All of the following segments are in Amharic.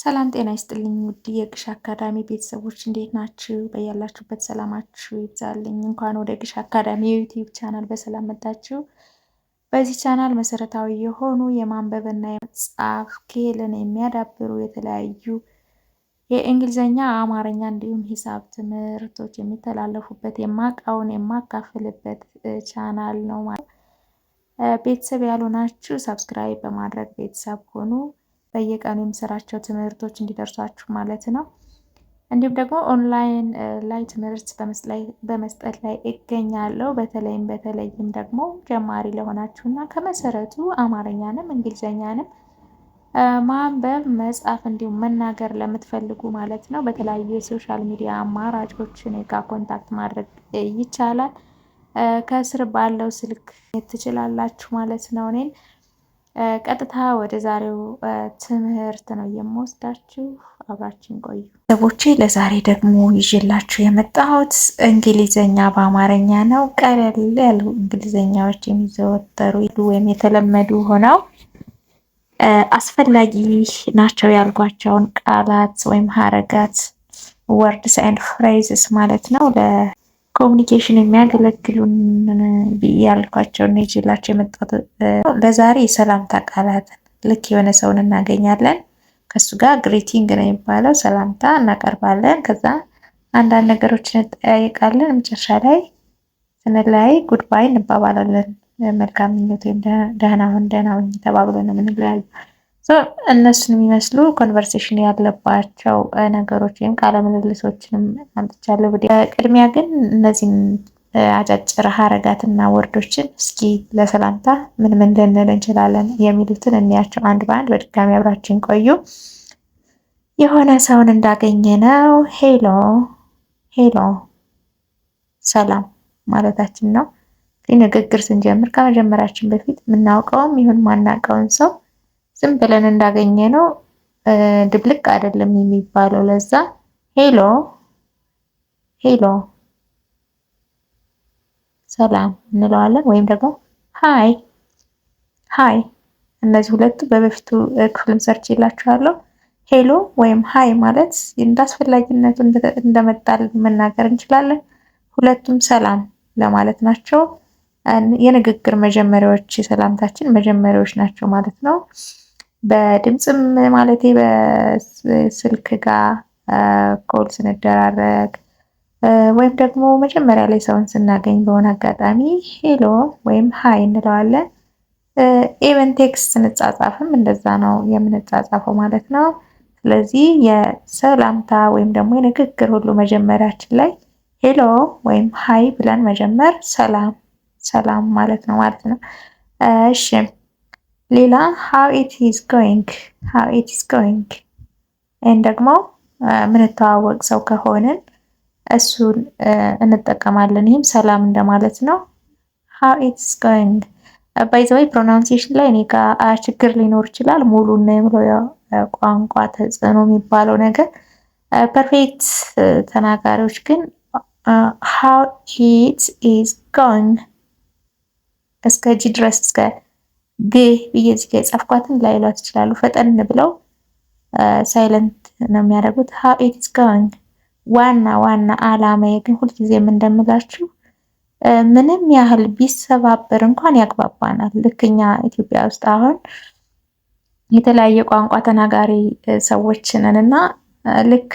ሰላም ጤና ይስጥልኝ ውድ የግሽ አካዳሚ ቤተሰቦች እንዴት ናችሁ? በያላችሁበት ሰላማችሁ ይብዛልኝ። እንኳን ወደ ግሽ አካዳሚ የዩቲዩብ ቻናል በሰላም መጣችሁ። በዚህ ቻናል መሰረታዊ የሆኑ የማንበብና የመጻፍ ክህሎትን የሚያዳብሩ የተለያዩ የእንግሊዝኛ፣ አማርኛ እንዲሁም ሂሳብ ትምህርቶች የሚተላለፉበት የማቃውን የማካፍልበት ቻናል ነው ማለት ቤተሰብ ያሉ ናችሁ፣ ሰብስክራይብ በማድረግ ቤተሰብ ሆኑ። በየቀኑ የምሰራቸው ትምህርቶች እንዲደርሷችሁ ማለት ነው። እንዲሁም ደግሞ ኦንላይን ላይ ትምህርት በመስጠት ላይ እገኛለሁ። በተለይም በተለይም ደግሞ ጀማሪ ለሆናችሁ እና ከመሰረቱ አማርኛንም እንግሊዝኛንም ማንበብ መጻፍ እንዲሁም መናገር ለምትፈልጉ ማለት ነው በተለያዩ የሶሻል ሚዲያ አማራጮች እኔ ጋር ኮንታክት ማድረግ ይቻላል። ከስር ባለው ስልክ ትችላላችሁ ማለት ነው እኔን ቀጥታ ወደ ዛሬው ትምህርት ነው የምወስዳችሁ። አብራችን ቆዩ ሰቦቼ። ለዛሬ ደግሞ ይዤላችሁ የመጣሁት እንግሊዘኛ በአማርኛ ነው። ቀለል ያሉ እንግሊዘኛዎች የሚዘወተሩ ወይም የተለመዱ ሆነው አስፈላጊ ናቸው ያልኳቸውን ቃላት ወይም ሀረጋት ወርድስ ኤንድ ፍሬዝስ ማለት ነው ኮሚኒኬሽን የሚያገለግሉን ያልኳቸውን ይዤላቸው የመጣት ለዛሬ የሰላምታ ቃላትን ልክ የሆነ ሰውን እናገኛለን ከሱ ጋር ግሪቲንግ ነው የሚባለው ሰላምታ እናቀርባለን። ከዛ አንዳንድ ነገሮች እንጠያየቃለን። መጨረሻ ላይ ስንለያይ ጉድባይ እንባባላለን። መልካም ምኞት ወይም ደህና ሁን፣ ደህና ሁኝ ተባብሎ ነው የምንለያዩ። እነሱን የሚመስሉ ኮንቨርሴሽን ያለባቸው ነገሮች ወይም ቃለምልልሶችንም አምጥቻለሁ። ቅድሚያ ግን እነዚህን አጫጭር ሀረጋትና ወርዶችን እስኪ ለሰላምታ ምን ምን ልንል እንችላለን የሚሉትን እንያቸው አንድ በአንድ። በድጋሚ አብራችን ቆዩ። የሆነ ሰውን እንዳገኘ ነው ሄሎ ሄሎ ሰላም ማለታችን ነው። ንግግር ስንጀምር ከመጀመሪያችን በፊት የምናውቀውም ይሁን ማናውቀውን ሰው ዝም ብለን እንዳገኘ ነው ድብልቅ አይደለም የሚባለው። ለዛ ሄሎ ሄሎ ሰላም እንለዋለን፣ ወይም ደግሞ ሃይ ሃይ። እነዚህ ሁለቱ በበፊቱ ክፍልም ሰርች ይላችኋለሁ። ሄሎ ወይም ሀይ ማለት እንዳስፈላጊነቱ እንደመጣል መናገር እንችላለን። ሁለቱም ሰላም ለማለት ናቸው። የንግግር መጀመሪያዎች የሰላምታችን መጀመሪያዎች ናቸው ማለት ነው። በድምፅም ማለቴ በስልክ ጋር ኮል ስንደራረግ ወይም ደግሞ መጀመሪያ ላይ ሰውን ስናገኝ በሆነ አጋጣሚ ሄሎ ወይም ሀይ እንለዋለን። ኢቨን ቴክስት ስንጻጻፍም እንደዛ ነው የምንጻጻፈው ማለት ነው። ስለዚህ የሰላምታ ወይም ደግሞ የንግግር ሁሉ መጀመሪያችን ላይ ሄሎ ወይም ሀይ ብለን መጀመር ሰላም ሰላም ማለት ነው ማለት ነው። እሺም ሌላ ሃው ኢት ኢዝ ጎይንግ ሃው ኢት ኢዝ ጎይንግ ይህን ደግሞ ምንተዋወቅ ሰው ከሆንን እሱን እንጠቀማለን። ይህም ሰላም እንደማለት ነው። ሃው ኢት ኢዝ ጎይንግ ባይ ዘ ወይ ፕሮናውንሲሽን ላይ እኔ ጋ ችግር ሊኖር ይችላል። ሙሉና ቋንቋ ተጽዕኖ የሚባለው ነገር ፐርፌክት ተናጋሪዎች ግን ሃው ኢት ኢዝ ጎይንግ እስከ ጂ ድረስ እስከ ግ ብዬ እዚህ ጋር የጻፍኳትን ፈጠን ብለው ሳይለንት ነው የሚያደርጉት። ሃው ኢትስ ጎይንግ ዋና ዋና አላማዬ ግን ሁልጊዜም እንደምላችሁ ምንም ያህል ቢሰባበር እንኳን ያግባባናል። ልክኛ ኢትዮጵያ ውስጥ አሁን የተለያየ ቋንቋ ተናጋሪ ሰዎች ነን እና ልክ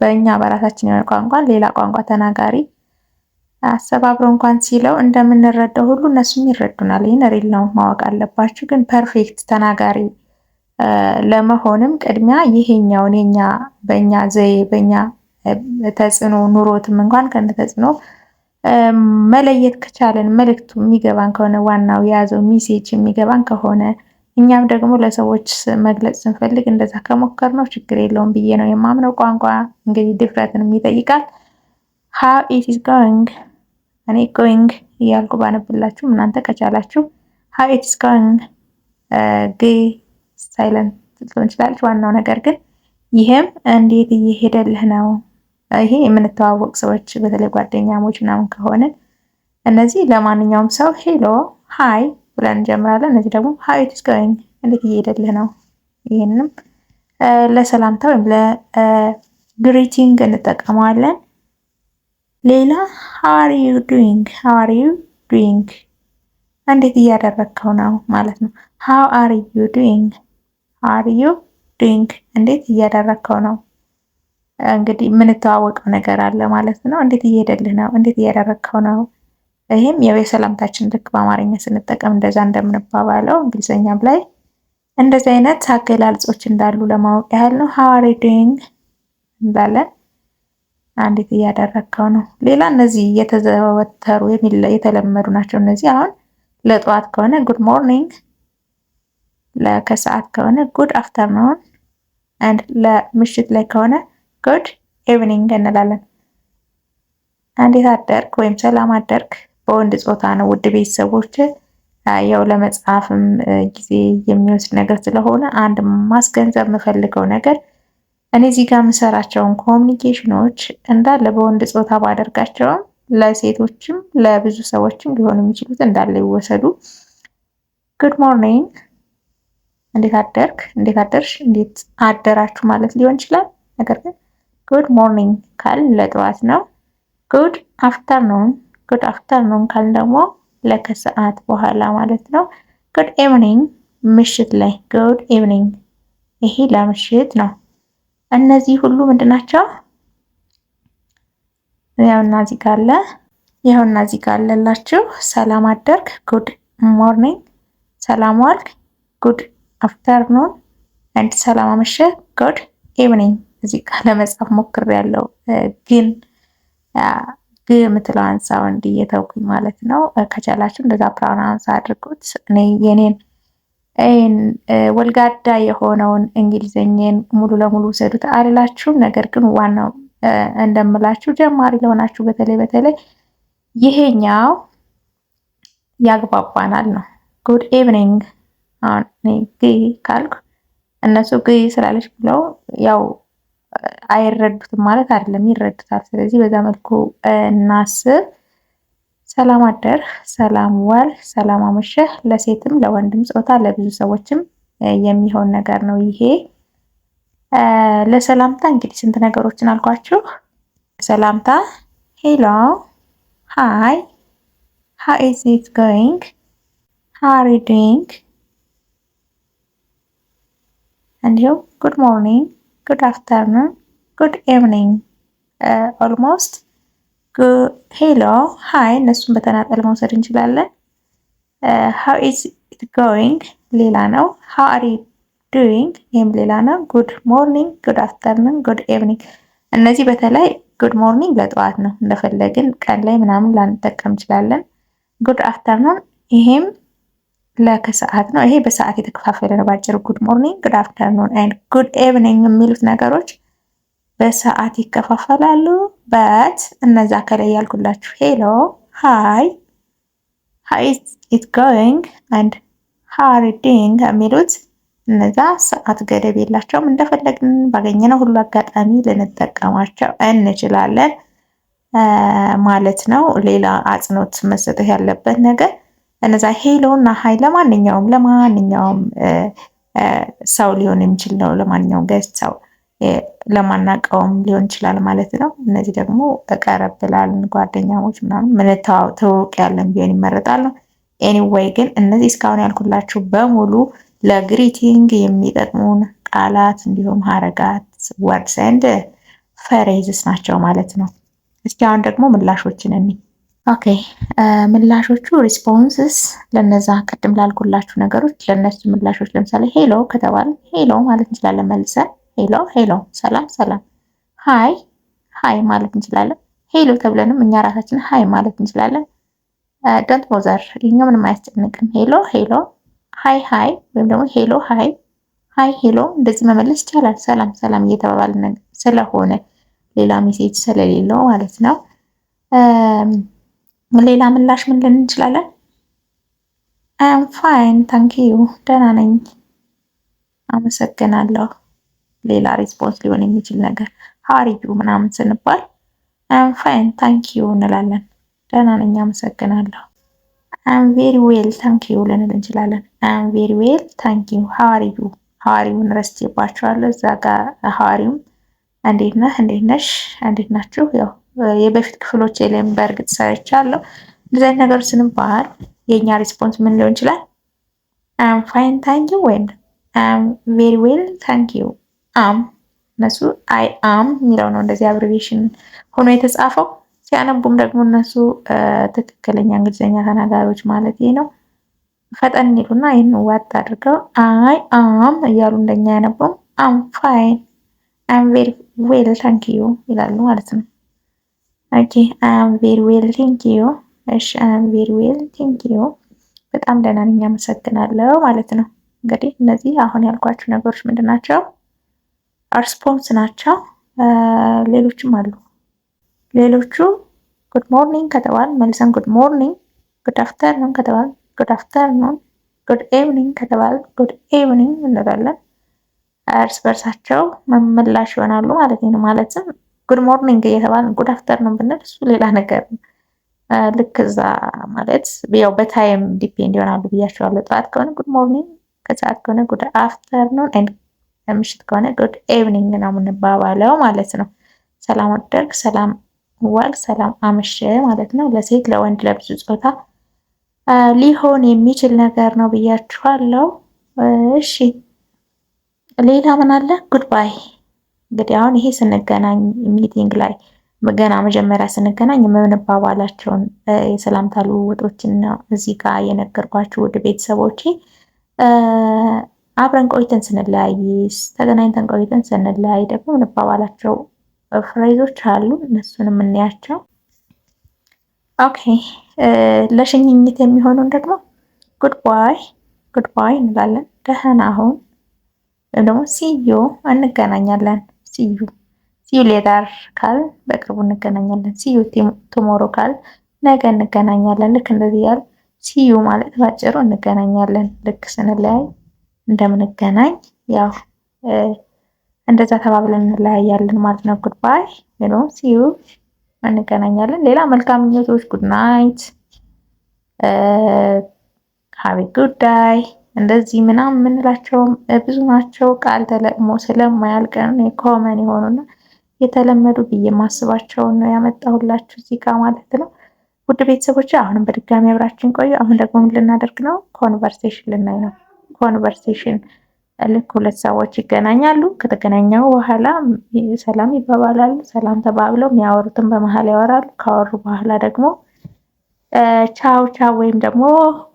በእኛ በራሳችን የሆነ ቋንቋ ሌላ ቋንቋ ተናጋሪ አሰባብሮ እንኳን ሲለው እንደምንረዳው ሁሉ እነሱም ይረዱናል። ይህን ሪል ነው ማወቅ አለባችሁ። ግን ፐርፌክት ተናጋሪ ለመሆንም ቅድሚያ ይሄኛውን የኛ በእኛ ዘዬ በእኛ ተጽዕኖ ኑሮትም እንኳን ከነ ተጽዕኖ መለየት ከቻለን መልእክቱ የሚገባን ከሆነ ዋናው የያዘው ሚሴጅ የሚገባን ከሆነ እኛም ደግሞ ለሰዎች መግለጽ ስንፈልግ እንደዛ ከሞከር ነው ችግር የለውም ብዬ ነው የማምነው። ቋንቋ እንግዲህ ድፍረትንም ይጠይቃል። ሃው ኢት ኢዝ እኔ ጎይንግ እያልኩ ባነብላችሁ እናንተ ከቻላችሁ ሃው ኢትስ ጎይንግ ግ ሳይለንት ልትሆን ይችላለች። ዋናው ነገር ግን ይህም እንዴት እየሄደልህ ነው። ይሄ የምንተዋወቅ ሰዎች በተለይ ጓደኛሞች ምናምን ከሆነ እነዚህ ለማንኛውም ሰው ሄሎ ሃይ ብለን እንጀምራለን። እነዚህ ደግሞ ሃው ኢትስ ጎይንግ እንዴት እየሄደልህ ነው። ይህንም ለሰላምታ ወይም ለግሪቲንግ እንጠቀመዋለን። ሌላ ሀዋር ዩ ዱዊንግ ሀዋር ዩ ዱዊንግ እንዴት እያደረግከው ነው ማለት ነው። ሀው አር ዩ ዱዊንግ አር ዩ ዱዊንግ እንዴት እያደረግከው ነው። እንግዲህ የምንተዋወቀው ነገር አለ ማለት ነው። እንዴት እየሄደልህ ነው፣ እንዴት እያደረግከው ነው። ይህም ያው የሰላምታችን ልክ በአማርኛ ስንጠቀም እንደዛ እንደምንባባለው እንግሊዝኛም ላይ እንደዚህ አይነት አገላልጾች እንዳሉ ለማወቅ ያህል ነው። ሀው አር ዩ ዱዊንግ እንላለን። እንዴት እያደረግከው ነው? ሌላ እነዚህ እየተዘወተሩ የተለመዱ ናቸው። እነዚህ አሁን ለጠዋት ከሆነ ጉድ ሞርኒንግ፣ ለከሰዓት ከሆነ ጉድ አፍተርኑን አንድ ለምሽት ላይ ከሆነ ጉድ ኢቭኒንግ እንላለን። እንዴት አደርግ ወይም ሰላም አደርግ በወንድ ጾታ ነው። ውድ ቤተሰቦች ያው ለመጽሐፍም ጊዜ የሚወስድ ነገር ስለሆነ አንድ ማስገንዘብ የምፈልገው ነገር እኔ እዚህ ጋር የምሰራቸውን ኮሚኒኬሽኖች እንዳለ በወንድ ጾታ ባደርጋቸውም ለሴቶችም ለብዙ ሰዎችም ሊሆኑ የሚችሉት እንዳለ ይወሰዱ። ጉድ ሞርኒንግ፣ እንዴት አደርክ፣ እንዴት አደርሽ፣ እንዴት አደራችሁ ማለት ሊሆን ይችላል። ነገር ግን ጉድ ሞርኒንግ ካል ለጠዋት ነው። ጉድ አፍተርኑን፣ ጉድ አፍተርኑን ካል ደግሞ ለከሰዓት በኋላ ማለት ነው። ጉድ ኢቭኒንግ ምሽት ላይ ጉድ ኢቭኒንግ፣ ይሄ ለምሽት ነው። እነዚህ ሁሉ ምንድን ናቸው? ያውና እዚህ ጋር አለ ይኸውና እዚህ ጋር አለላችሁ። ሰላም አደርክ፣ ጉድ ሞርኒንግ፣ ሰላም ዋልክ፣ ጉድ አፍተርኑን አንድ ሰላም አመሸ፣ ጉድ ኢቭኒንግ። እዚህ ጋር ለመጻፍ ያለው ግን ግ የምትለዋን ሳውንድ እየተውኩኝ ማለት ነው። ከቻላችሁ እንደዛ ፕሮናውንስ አድርጉት። እኔ የኔን ይህን ወልጋዳ የሆነውን እንግሊዝኛን ሙሉ ለሙሉ ውሰዱት አልላችሁም። ነገር ግን ዋናው እንደምላችሁ ጀማሪ ለሆናችሁ በተለይ በተለይ ይሄኛው ያግባባናል ነው። ጉድ ኢቭኒንግ አሁን ግ ካልኩ እነሱ ግ ስላለች ብለው ያው አይረዱትም ማለት አይደለም፣ ይረዱታል። ስለዚህ በዛ መልኩ እናስብ። ሰላም አደርህ፣ ሰላም ዋል ሰላም አመሸህ ለሴትም ለወንድም ጾታ ለብዙ ሰዎችም የሚሆን ነገር ነው ይሄ። ለሰላምታ እንግዲህ ስንት ነገሮችን አልኳችሁ። ሰላምታ ሄሎ፣ ሃይ፣ ሃው ኢዝ ኢት ጎይንግ፣ ሃው አር ዩ እንዲሁም ጉድ ሞርኒንግ፣ ጉድ አፍተርኑን፣ ጉድ ኢቭኒንግ ኦልሞስት ሄሎ ሃይ፣ እነሱን በተናጠል መውሰድ እንችላለን። ሃው ኢዝ ኢት ጎይንግ ሌላ ነው። ሃው አር ዩ ዱዊንግ ይህም ሌላ ነው። ጉድ ሞርኒንግ፣ ጉድ አፍተርኑን፣ ጉድ ኤቭኒንግ እነዚህ በተለይ ጉድ ሞርኒንግ ለጠዋት ነው። እንደፈለግን ቀን ላይ ምናምን ላንጠቀም እንችላለን። ጉድ አፍተርኑን ይሄም ለከሰዓት ነው። ይሄ በሰዓት የተከፋፈለ ነው። ባጭሩ ጉድ ሞርኒንግ፣ ጉድ አፍተርኑን ኤንድ ጉድ ኤቭኒንግ የሚሉት ነገሮች በሰዓት ይከፋፈላሉ። በት እነዛ ከላይ ያልኩላችሁ ሄሎ፣ ሃይ፣ ሃይ ኢት ጎይንግ አንድ ዲንግ የሚሉት እነዛ ሰዓት ገደብ የላቸውም። እንደፈለግን ባገኘነው ሁሉ አጋጣሚ ልንጠቀማቸው እንችላለን ማለት ነው። ሌላ አጽንኦት መሰጠት ያለበት ነገር እነዛ ሄሎ እና ሃይ ለማንኛውም ለማንኛውም ሰው ሊሆን የሚችል ነው። ለማንኛውም ገጽ ሰው ለማናቀውም ሊሆን ይችላል ማለት ነው። እነዚህ ደግሞ ቀረብ ብላልን ጓደኛሞች ምናምን ምንታወቅ ትውውቅ ያለን ቢሆን ይመረጣል። ኤኒዌይ ግን እነዚህ እስካሁን ያልኩላችሁ በሙሉ ለግሪቲንግ የሚጠቅሙን ቃላት እንዲሁም ሀረጋት ወርድስ ኤንድ ፈሬዝስ ናቸው ማለት ነው። እስኪ አሁን ደግሞ ምላሾችን እኒ ኦኬ ምላሾቹ ሪስፖንስስ ለነዛ ቅድም ላልኩላችሁ ነገሮች ለነሱ ምላሾች ለምሳሌ ሄሎ ከተባለ ሄሎ ማለት እንችላለን መልሰን ሄሎ ሄሎ፣ ሰላም ሰላም፣ ሃይ ሀይ ማለት እንችላለን። ሄሎ ተብለንም እኛ ራሳችን ሀይ ማለት እንችላለን። ዶንት ቦዘር ይህኛው ምንም አያስጨንቅም። ሄሎ ሄሎ፣ ሀይ ሀይ ወይም ደግሞ ሄሎ ሃይ፣ ሀይ ሀይ ሄሎ እንደዚህ መመለስ ይቻላል። ሰላም ሰላም እየተባባልን ስለሆነ ሌላ ሜሴጅ ስለሌለው ማለት ነው። ሌላ ምላሽ ምን ልን እንችላለን? አም ፋይን ታንኪዩ፣ ደህና ነኝ፣ አመሰግናለሁ ሌላ ሪስፖንስ ሊሆን የሚችል ነገር ሀሪዩ ምናምን ስንባል አም ፋይን ዩ እንላለን። ደህና ነኝ አመሰግናለሁ። አም ቬሪ ዌል ዩ ልንል እንችላለን። አም ቬሪ ዌል ዩ ሀሪዩ ሀዋሪውን ረስቼባቸዋለሁ። እዛ ጋር ሀዋሪውም እንዴት ነህ፣ እንዴት ነሽ፣ እንዴት ናችሁ። ያው የበፊት ክፍሎች የለም በእርግጥ ሰርቻለሁ። እንደዚህ አይነት ስንባል የእኛ ሪስፖንስ ምን ሊሆን ይችላል? አም ፋይን ዩ ወይም አም ቬሪ ዌል ዩ አም እነሱ አይ አም የሚለው ነው እንደዚህ አብሪቬሽን ሆኖ የተጻፈው። ሲያነቡም ደግሞ እነሱ ትክክለኛ እንግሊዝኛ ተናጋሪዎች ማለት ይህ ነው። ፈጠን ይሉና ይህን ዋጥ አድርገው አይ አም እያሉ እንደኛ ያነቡም አም ፋይን አም ቬሪ ዌል ታንክ ዩ ይላሉ ማለት ነው። ኦኬ አም ቬሪ ዌል ታንክ ዩ። እሺ አም ቬሪ ዌል ታንክ ዩ። በጣም ደህና ነኝ አመሰግናለሁ ማለት ነው። እንግዲህ እነዚህ አሁን ያልኳችሁ ነገሮች ምንድን ናቸው? አርስፖንስ ናቸው። ሌሎችም አሉ። ሌሎቹ ጉድ ሞርኒንግ ከተባል መልሰን ጉድ ሞርኒንግ፣ ጉድ አፍተርኑን ከተባል ጉድ አፍተርኑን፣ ጉድ ኤቭኒንግ ከተባል ጉድ ኤቭኒንግ እንላለን። እርስ በርሳቸው መመላሽ ይሆናሉ ማለት ነው። ማለትም ጉድ ሞርኒንግ እየተባል ጉድ አፍተርኑን ብንል እሱ ሌላ ነገር ልክ እዛ ማለት ያው በታይም ዲፔንድ ይሆናሉ ብያቸዋለሁ። ጠዋት ከሆነ ጉድ ሞርኒንግ፣ ከሰዓት ከሆነ ጉድ አፍተርኑን ምሽት ከሆነ ጉድ ኤቭኒንግ ነው የምንባባለው ማለት ነው። ሰላም አደርግ፣ ሰላም ዋል፣ ሰላም አመሸ ማለት ነው። ለሴት ለወንድ ለብዙ ጾታ ሊሆን የሚችል ነገር ነው ብያችኋለሁ። እሺ ሌላ ምን አለ? ጉድ ባይ። እንግዲህ አሁን ይሄ ስንገናኝ ሚቲንግ ላይ ገና መጀመሪያ ስንገናኝ የምንባባላቸውን የሰላምታ ልውውጦችን ነው እዚህ ጋር የነገርኳችሁ ውድ ቤተሰቦቼ። አብረን ቆይተን ስንለያይስ፣ ተገናኝተን ቆይተን ስንለያይ ደግሞ እንባባላቸው ፍሬዞች አሉ። እነሱን የምንያቸው ኦኬ። ለሽኝኝት የሚሆኑን ደግሞ ጉድባይ ጉድባይ እንላለን። ደህና አሁን ወይም ደግሞ ሲዩ እንገናኛለን። ሲዩ ሲዩ ሌዳር ካል በቅርቡ እንገናኛለን። ሲዩ ቱሞሮ ካል ነገ እንገናኛለን። ልክ እንደዚህ ያል ሲዩ ማለት ባጭሩ እንገናኛለን ልክ ስንለያይ እንደምንገናኝ ያው እንደዛ ተባብለን እንለያያለን ማለት ነው። ጉድባይ ሄሎ ሲዩ እንገናኛለን። ሌላ መልካም ምኞቶች ጉድ ናይት፣ ሀቢ ጉዳይ እንደዚህ ምናምን የምንላቸው ብዙ ናቸው። ቃል ተለቅሞ ስለማያልቀን ኮመን የሆኑና የተለመዱ ብዬ ማስባቸውን ነው ያመጣሁላችሁ እዚህ ጋር ማለት ነው። ውድ ቤተሰቦች አሁንም በድጋሚ አብራችን ቆዩ። አሁን ደግሞ ምን ልናደርግ ነው? ኮንቨርሴሽን ልናይ ነው። ኮንቨርሴሽን ልክ ሁለት ሰዎች ይገናኛሉ። ከተገናኘው በኋላ ሰላም ይባባላሉ። ሰላም ተባብለው የሚያወሩትን በመሀል ያወራሉ። ካወሩ በኋላ ደግሞ ቻው ቻው ወይም ደግሞ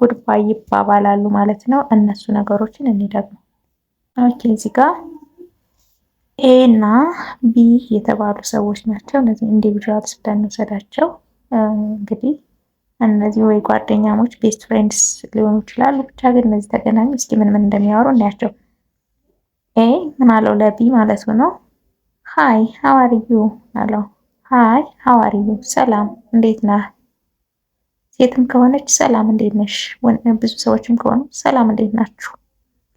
ጉድባይ ይባባላሉ ማለት ነው። እነሱ ነገሮችን እኔ ደግሞ ኦኬ እዚህ ጋር ኤ እና ቢ የተባሉ ሰዎች ናቸው። እነዚህ ኢንዲቪጁዋልስ ብለን እንግዲህ እነዚህ ወይ ጓደኛሞች ቤስት ፍሬንድስ ሊሆኑ ይችላሉ። ብቻ ግን እነዚህ ተገናኙ። እስኪ ምን ምን እንደሚያወሩ እናያቸው። ኤ ምን አለው ለቢ ማለቱ ነው። ሃይ ሀዋርዩ አለው። ሃይ ሀዋርዩ ሰላም እንዴት ነህ? ሴትም ከሆነች ሰላም እንዴት ነሽ? ብዙ ሰዎችም ከሆኑ ሰላም እንዴት ናችሁ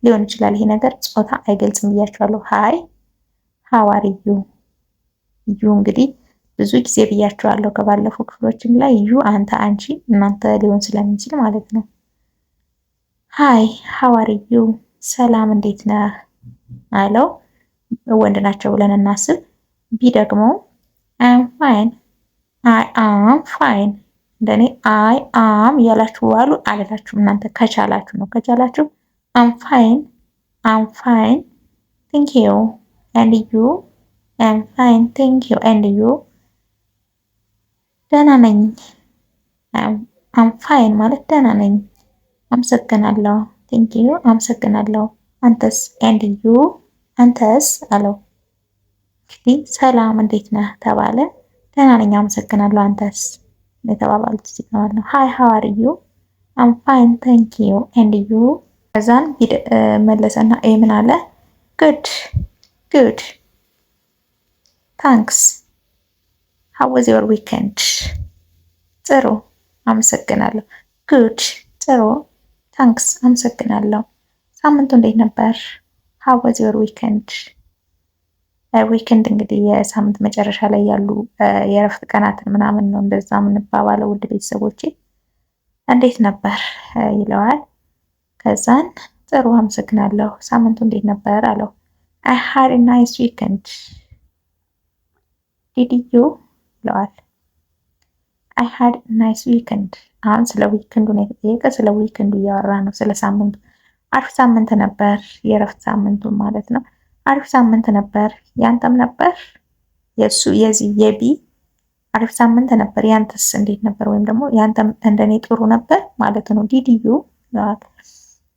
ሊሆን ይችላል። ይሄ ነገር ጾታ አይገልጽም ብያችኋለሁ። ሃይ ሀዋርዩ ዩ እንግዲህ ብዙ ጊዜ ብያቸዋለሁ ከባለፉ ክፍሎችም ላይ ዩ አንተ፣ አንቺ፣ እናንተ ሊሆን ስለሚችል ማለት ነው። ሃይ ሀዋርዩ ሰላም እንዴት ነህ አለው። ወንድ ናቸው ብለን እናስብ። ቢ ደግሞ አም ፋይን አይ አም ፋይን። እንደኔ አይ አም እያላችሁ ዋሉ አልላችሁም እናንተ ከቻላችሁ ነው። ከቻላችሁ አም ፋይን አም ፋይን ቲንክ ዩ ኤንድ ዩ አም ፋይን ቲንክ ዩ ኤንድ ዩ ደህና ነኝ አም ፋይን ማለት ደህና ነኝ። አመሰግናለሁ ቴንኪዩ አመሰግናለሁ። አንተስ ኤንድ ዩ አንተስ አለው። እንግዲህ ሰላም እንዴት ነህ ተባለ። ደህና ነኝ አመሰግናለሁ አንተስ የተባባሉት ሲባል ነው። ሃይ ሃው አር ዩ አም ፋይን ቴንክ ዩ ኤንድ ዩ። ከዛን መለሰና ኤ ምን አለ? ጉድ ጉድ ታንክስ ሀወዝ ዮር ዊከንድ? ጥሩ አመሰግናለሁ። ጉድ ጥሩ ታንክስ አመሰግናለሁ። ሳምንቱ እንዴት ነበር? ሀወዝ ዮር ዊከንድ? ዊክንድ እንግዲህ የሳምንት መጨረሻ ላይ ያሉ uh, የእረፍት ቀናትን ምናምን ነው እንደዛ የምንባባለው። ውድ ቤተሰቦቼ እንዴት ነበር uh, ይለዋል። ከዛን ጥሩ አመሰግናለሁ፣ ሳምንቱ እንዴት ነበር አለው። አይ ሃድ ናይስ ዊክንድ ዲድ ዩ ብለዋል። አይ ሃድ ናይስ ዊክንድ። አሁን ስለ ዊክንዱ ነው የተጠየቀ። ስለ ዊክንዱ እያወራ ነው፣ ስለ ሳምንቱ። አሪፍ ሳምንት ነበር፣ የእረፍት ሳምንቱ ማለት ነው። አሪፍ ሳምንት ነበር፣ ያንተም ነበር። የእሱ የዚህ የቢ አሪፍ ሳምንት ነበር፣ ያንተስ እንዴት ነበር? ወይም ደግሞ ያንተም እንደኔ ጥሩ ነበር ማለት ነው። ዲዲዩ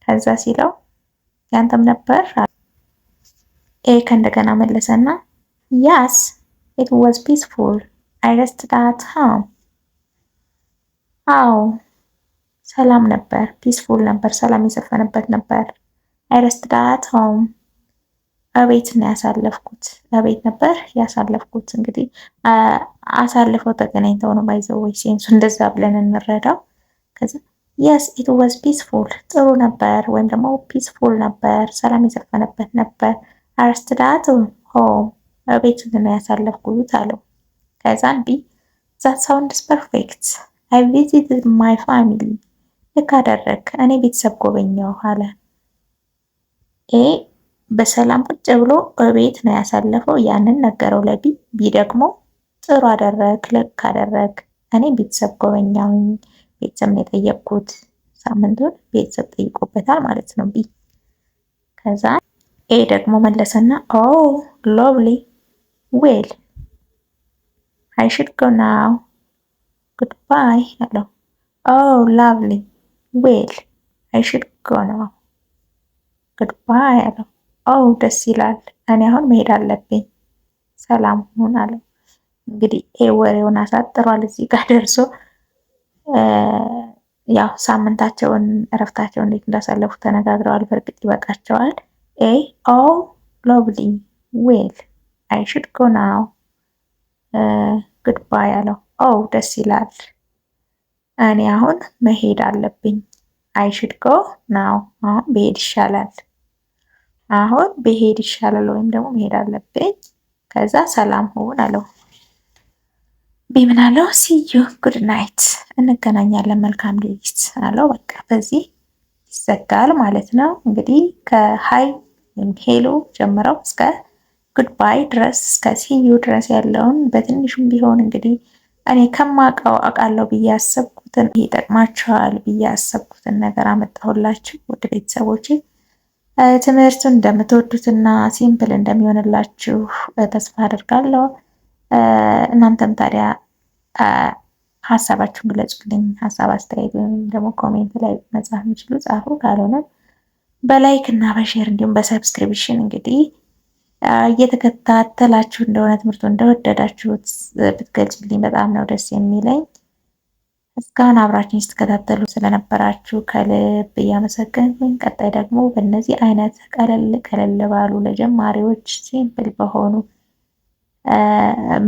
ከዛ ሲለው ያንተም ነበር ኤ ከእንደገና መለሰና ያስ ኢት ዋዝ ፒስፉል አይረስትዳትሃም አዎ ሰላም ነበር። ፒስፉል ነበር። ሰላም የሰፈነበት ነበር። አይረስትዳትሃም እቤት ነው ያሳለፍኩት። እቤት ነበር ያሳለፍኩት። እንግዲህ አሳልፈው ተገናኝተው ነው ባይዘወች ሴንሱ እንደዛ ብለን እንረዳው። ከዚ የስ ኢት ዋዝ ፒስፉል ጥሩ ነበር፣ ወይም ደግሞ ፒስፉል ነበር፣ ሰላም የሰፈነበት ነበር። አረስትዳት ሆም እቤት ነው ያሳለፍኩት አለው። ከዛንቢ ዛት ሳውንድስ ፐርፌክት አይ ቪዚትድ ማይ ፋሚሊ ልክ አደረግ እኔ ቤተሰብ ጎበኘው አለ። ኤ በሰላም ቁጭ ብሎ እቤት ነው ያሳለፈው። ያንን ነገረው ለቢ። ቢ ደግሞ ጥሩ አደረግ፣ ልክ አደረግ እኔ ቤተሰብ ጎበኛውኝ። ቤተሰብ ነው የጠየቅኩት። ሳምንቱን ቤተሰብ ጠይቆበታል ማለት ነው ቢ። ከዛ ኤ ደግሞ መለሰና ኦ ሎቭሊ ዌል I should go now. Goodbye አለው። Oh, lovely. Well, I should go now. Goodbye አለው። Oh, ደስ ይላል። እኔ አሁን መሄድ አለብኝ። ሰላም ሁን አለው። እንግዲህ ኤ ወሬውን አሳጥሯል። እዚህ ጋር ደርሶ ያው ሳምንታቸውን እረፍታቸውን እንዴት እንዳሳለፉ ተነጋግረዋል። በእርግጥ ይበቃቸዋል። ኤ ኦ ሎቭሊ ዌል አይ ሹድ ጎ ናው ግድባ ያለው ኦው ደስ ይላል። እኔ አሁን መሄድ አለብኝ። አይ ሹድ ጎ ናው። አሁን ብሄድ ይሻላል። አሁን ብሄድ ይሻላል ወይም ደግሞ መሄድ አለብኝ። ከዛ ሰላም ሁን አለው። ቢምን አለው ሲዩ ጉድ ናይት፣ እንገናኛለን፣ መልካም ሌሊት አለው። በቃ በዚህ ይዘጋል ማለት ነው እንግዲህ ከሀይ ሄሎ ጀምረው እስከ ጉድባይ ድረስ እስከ ሲዩ ድረስ ያለውን በትንሹም ቢሆን እንግዲህ እኔ ከማውቀው አውቃለሁ ብዬ ያሰብኩትን ይጠቅማቸዋል ብዬ ያሰብኩትን ነገር አመጣሁላችሁ ወደ ቤተሰቦቼ። ትምህርቱን እንደምትወዱትና ሲምፕል እንደሚሆንላችሁ ተስፋ አድርጋለሁ። እናንተም ታዲያ ሀሳባችሁን ግለጹልኝ። ሀሳብ አስተያየት ወይም ደግሞ ኮሜንት ላይ መጻፍ የሚችሉ ጻፉ። ካልሆነ በላይክ እና በሼር እንዲሁም በሰብስክሪፕሽን እንግዲህ እየተከታተላችሁ እንደሆነ ትምህርቱ እንደወደዳችሁት ብትገልጽልኝ በጣም ነው ደስ የሚለኝ። እስካሁን አብራችን ስትከታተሉ ስለነበራችሁ ከልብ እያመሰገንኩኝ ቀጣይ ደግሞ በእነዚህ አይነት ቀለል ቀለል ባሉ ለጀማሪዎች ሲምፕል በሆኑ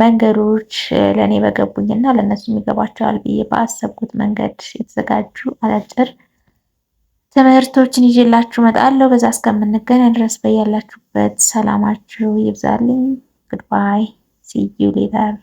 መንገዶች ለእኔ በገቡኝና ለእነሱ የሚገባቸዋል ብዬ በአሰብኩት መንገድ የተዘጋጁ አጫጭር ትምህርቶችን ይዤላችሁ መጣለሁ። በዛ እስከምንገናኝ ድረስ በያላችሁበት ሰላማችሁ ይብዛልኝ። ጉድባይ ሲዩ ሌተር